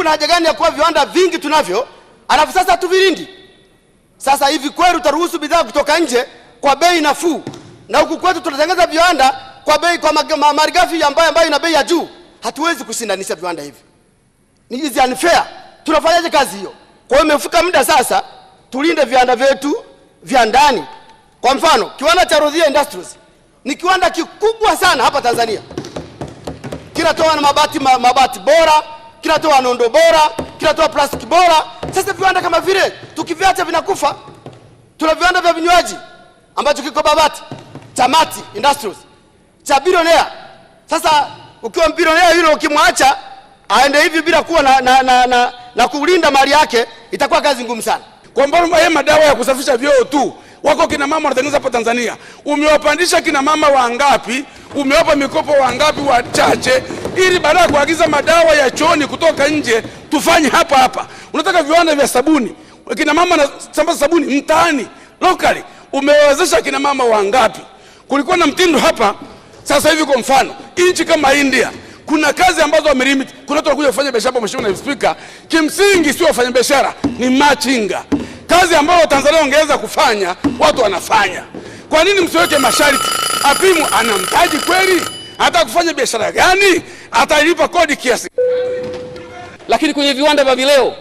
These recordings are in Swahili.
kuna haja gani ya kuwa viwanda vingi tunavyo, alafu sasa tuvilindi? Sasa hivi kweli utaruhusu bidhaa kutoka nje kwa bei nafuu, na huku kwetu tunatengeneza viwanda kwa bei kwa malighafi ambayo ambayo ina bei ya juu? Hatuwezi kushindanisha viwanda hivi, ni hizi unfair. Tunafanyaje kazi hiyo? Kwa hiyo imefika muda sasa tulinde viwanda vyetu vya ndani. Kwa mfano kiwanda cha Rodhia Industries ni kiwanda kikubwa sana hapa Tanzania, kinatoa na mabati, mabati bora kinatoa nondo bora, kinatoa plastiki bora. Sasa viwanda kama vile tukiviacha vinakufa. Tuna viwanda vya vinywaji ambacho kiko Babati, Tamati Industries cha bilionea. Sasa ukiwa bilionea yule ukimwacha aende hivi bila kuwa na, na, na, na, na kulinda mali yake itakuwa kazi ngumu sana. Kwa mbona haya madawa ya kusafisha vyoo tu, wako kina mama wanatengeneza hapa Tanzania. Umewapandisha kina mama wangapi? Umewapa mikopo wangapi wachache? ili baada ya kuagiza madawa ya choni kutoka nje tufanye hapa hapa. Unataka viwanda vya sabuni, kina mama nasambaza sabuni mtaani locally, Umewezesha kina mama wangapi? Kulikuwa na mtindo hapa, sasa hivi kwa mfano nchi kama India kuna kazi ambazo wamelimit. Kuna watu wanakuja kufanya biashara hapa, Mheshimiwa Naibu Spika, kimsingi sio wafanya biashara, ni machinga, kazi ambayo Tanzania wangeweza kufanya, watu wanafanya. Kwa nini msiweke masharti? Apimu ana mtaji kweli? hata kufanya biashara gani atalipa kodi kiasi. Lakini kwenye viwanda vya vileo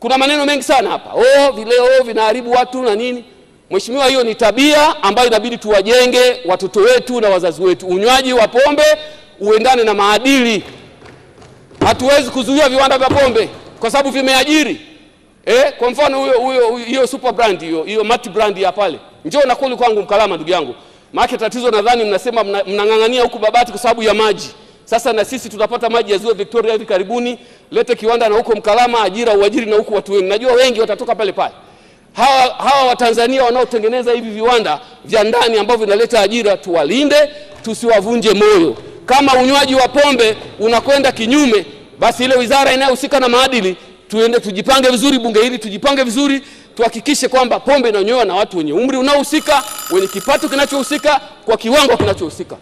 kuna maneno mengi sana hapa, oh, vileo oh, vinaharibu watu na nini. Mheshimiwa, hiyo ni tabia ambayo inabidi tuwajenge watoto wetu na wazazi wetu. Unywaji wa pombe uendane na maadili. Hatuwezi kuzuia viwanda vya pombe kwa sababu vimeajiri eh. Kwa mfano huyo huyo hiyo super brand hiyo hiyo multi brand ya pale, njoo nakuli kwangu Mkalama, ndugu yangu. Maana tatizo nadhani mnasema mnang'ang'ania huku Babati kwa sababu ya maji. Sasa na sisi tutapata maji ya ziwa Victoria hivi karibuni, lete kiwanda na huko Mkalama, ajira uajiri na huko watu wengi, najua wengi watatoka pale pale. Hawa, hawa Watanzania wanaotengeneza hivi viwanda vya ndani ambavyo vinaleta ajira, tuwalinde, tusiwavunje moyo. Kama unywaji wa pombe unakwenda kinyume, basi ile wizara inayohusika na maadili tuende, tujipange vizuri, bunge hili tujipange vizuri tuhakikishe kwamba pombe inanywewa na watu wenye umri unaohusika, wenye kipato kinachohusika, kwa kiwango kinachohusika.